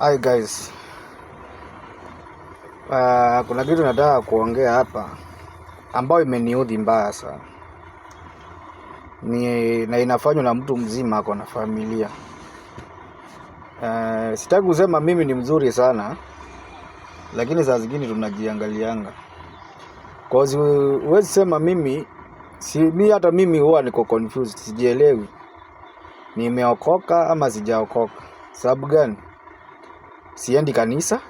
Hi guys. Uh, kuna kitu nataka kuongea hapa ambayo imeniudhi mbaya sana ni na inafanywa na mtu mzima ako na familia. Uh, sitaki kusema mimi ni mzuri sana, lakini saa zingine tunajiangalianga cause huwezi sema mimi si mi, hata mimi huwa niko confused, sijielewi nimeokoka ama sijaokoka. Sababu gani? siendi kanisa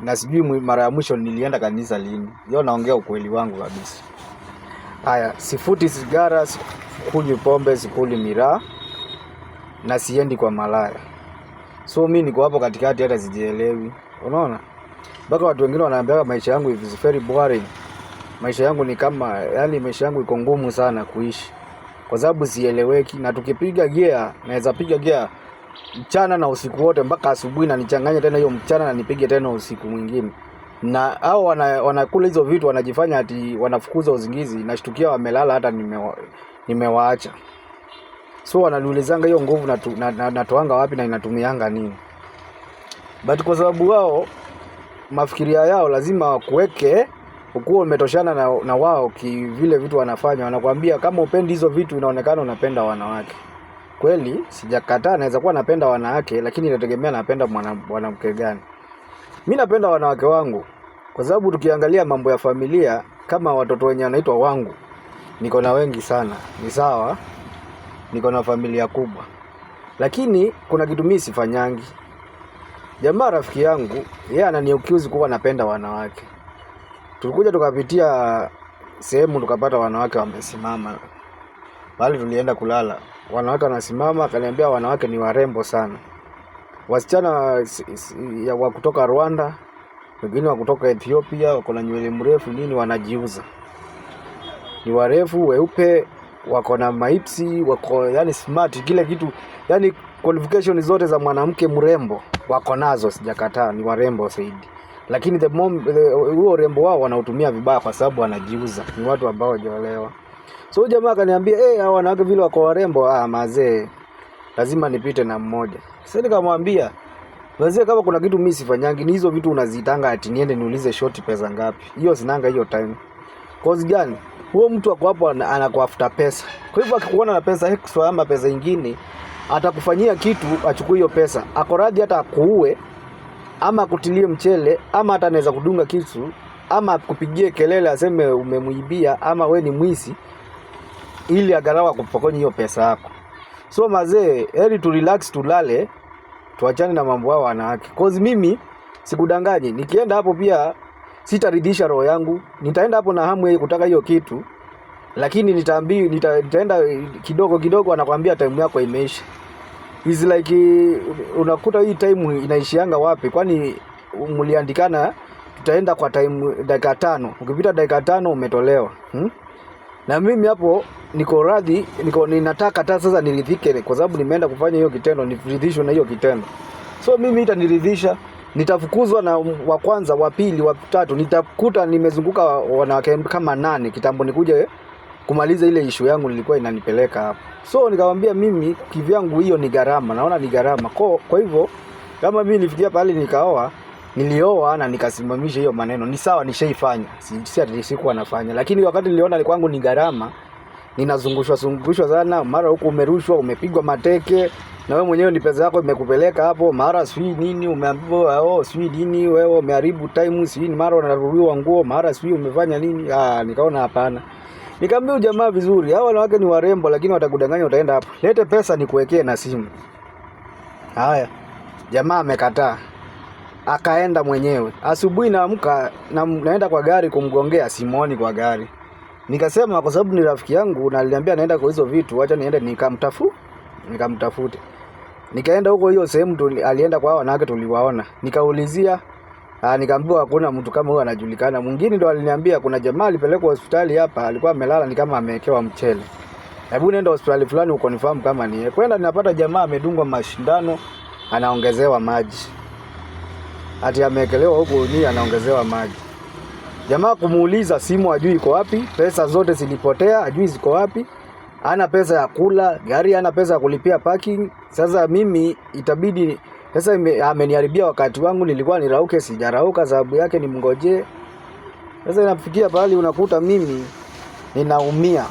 na sijui mara ya mwisho nilienda kanisa lini. Hiyo naongea ukweli wangu kabisa. Haya, sifuti sigara, sikunywi pombe, sikuli miraa na siendi kwa malaya. So mi niko hapo katikati, hata sijielewi. Unaona, mpaka watu wengine wanaambia maisha yangu is very boring. Maisha yangu ni kama, yani maisha yangu iko ngumu sana kuishi kwa sababu sieleweki, na tukipiga gear, naweza piga gear mchana na usiku wote mpaka asubuhi, na nichanganye tena hiyo mchana na nipige tena usiku mwingine. Na hao wana, wanakula hizo vitu wanajifanya ati wanafukuza uzingizi, nashtukia wamelala, hata nimewa, nimewaacha. So wananiulizanga hiyo nguvu natu, na, na, natoanga wapi na inatumianga nini? But kwa sababu wao mafikiria yao lazima wakuweke ukuwa umetoshana na, na wao kivile vitu wanafanya. Wanakwambia kama upendi hizo vitu, inaonekana unapenda wanawake. Kweli sijakataa, naweza kuwa napenda wanawake, lakini inategemea napenda mwanamke gani. Mi napenda wanawake wangu kwa sababu tukiangalia mambo ya familia, kama watoto wenye wanaitwa wangu, niko na wengi sana, ni sawa, niko na familia kubwa, lakini kuna kitu mimi sifanyangi. Jamaa rafiki yangu yeye ananiukiuzi kuwa napenda wanawake, tulikuja tukapitia sehemu tukapata wanawake wamesimama. Mahali tulienda kulala, wanawake wanasimama, akaniambia wanawake ni warembo sana, wasichana wa kutoka Rwanda, wengine wa kutoka Ethiopia, wako na nywele mrefu nini, wanajiuza, ni warefu weupe, wako na maipsi, wako yani smart, kile kitu yani qualification zote za mwanamke mrembo wako nazo, sijakataa, ni warembo zaidi lakini the mom huo urembo wao wanautumia vibaya, kwa sababu wanajiuza. Ni watu ambao wajaolewa. So jamaa akaniambia eh, hey, hao wanawake vile wako warembo, ah mazee, lazima nipite na mmoja. Sasa nikamwambia mazee, kama kuna kitu mimi sifanyangi ni hizo vitu unazitanga, ati niende niulize short pesa ngapi. Hiyo sinanga hiyo time. Cause gani? Huo mtu ako hapo anakuafuta after pesa. Kwa hivyo akikuona na pesa extra ama pesa nyingine, atakufanyia kitu achukue hiyo pesa. akoradhi hata akuue ama akutilie mchele ama hata anaweza kudunga kisu ama kupigie kelele aseme umemwibia ama we ni mwizi, ili agarawa akupokonye hiyo pesa yako. So mazee, heri tu relax, tulale, tuachane na mambo hao wanawake, cause mimi sikudanganyi, nikienda hapo pia sitaridhisha roho yangu. Nitaenda hapo na hamu yeye kutaka hiyo kitu, lakini nitaambi, nita, nitaenda kidogo kidogo, anakuambia time yako imeisha. Is like unakuta hii time inaishianga wapi? Kwani mliandikana tutaenda kwa time dakika tano, ukipita dakika tano umetolewa hmm? na mimi hapo niko radhi, niko ninataka hata sasa niridhike, kwa sababu nimeenda kufanya hiyo kitendo, niridhishwe na hiyo kitendo. So mimi itaniridhisha, nitafukuzwa na wa kwanza, wa pili, wa tatu, nitakuta nimezunguka wanawake kama nane kitambo nikuje eh, kumaliza ile ishu yangu nilikuwa inanipeleka hapo. So nikamwambia mimi kivyangu, hiyo ni gharama, naona ni gharama. Kwa, kwa hivyo kama mimi nifikia pale nikaoa nilioa na nikasimamisha hiyo maneno. Ni sawa, nishaifanya, si ati sikuwa nafanya, lakini wakati niliona kwangu ni gharama, ninazungushwa zungushwa sana, mara huku umerushwa, umepigwa mateke na wewe mwenyewe ni pesa yako imekupeleka hapo, mara sijui nini umeambiwa, oh sijui nini, wewe umeharibu time, sijui mara unaruhiwa nguo, mara sijui umefanya nini. Ah, nikaona hapana, nikamwambia ujamaa vizuri, hao wanawake ni warembo, lakini watakudanganya, utaenda hapo, lete pesa nikuwekee na simu. Haya, jamaa amekataa akaenda mwenyewe. Asubuhi naamka na, naenda kwa gari kumgongea, simwoni kwa gari. Nikasema kwa sababu ni rafiki yangu na aliniambia naenda kwa hizo vitu, acha niende nikamtafu nikamtafute. Nikaenda huko hiyo sehemu alienda kwa wanawake tuliwaona. Nikaulizia Ah, nikaambiwa hakuna mtu kama huyo anajulikana. Mwingine ndo aliniambia kuna jamaa alipelekwa hospitali hapa, alikuwa amelala ni kama amewekewa mchele. Hebu nenda hospitali fulani uko nifahamu kama ni. Kwenda ninapata jamaa amedungwa mashindano anaongezewa maji ati amekelewa huko ni anaongezewa maji. Jamaa kumuuliza simu ajui iko wapi, pesa zote zilipotea ajui ziko wapi, ana pesa ya kula gari, ana pesa ya kulipia parking. Sasa mimi itabidi sasa, ameniharibia wakati wangu, nilikuwa nirauke, sijarauka, sababu yake nimngojee. Sasa inafikia pahali unakuta mimi ninaumia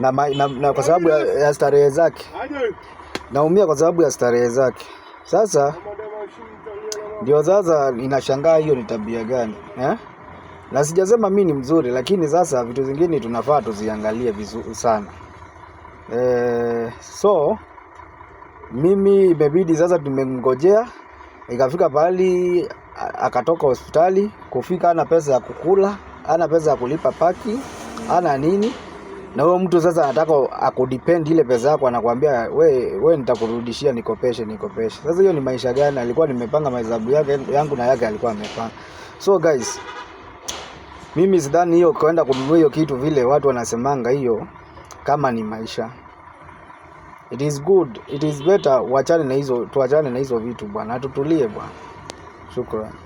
na, na, na kwa sababu ya, ya starehe zake, naumia kwa sababu ya starehe zake sasa ndio sasa inashangaa hiyo ni tabia gani eh? Na sijasema mi ni mzuri, lakini sasa vitu zingine tunafaa tuziangalie vizuri sana eh, so mimi imebidi sasa, tumengojea ikafika pahali akatoka hospitali, kufika ana pesa ya kukula, ana pesa ya kulipa paki, ana nini na huyo mtu sasa anataka akudepend ile pesa yako, anakuambia we, we nitakurudishia, nikopeshe, nikopeshe. Sasa hiyo ni maisha gani? Alikuwa nimepanga mahesabu yake yangu na yake alikuwa amepanga. So guys, mimi sidhani hiyo kwenda kununua hiyo kitu vile watu wanasemanga hiyo kama ni maisha. It is good, it is better. Wachane na hizo, tuachane na hizo vitu bwana, atutulie bwana. Shukrani.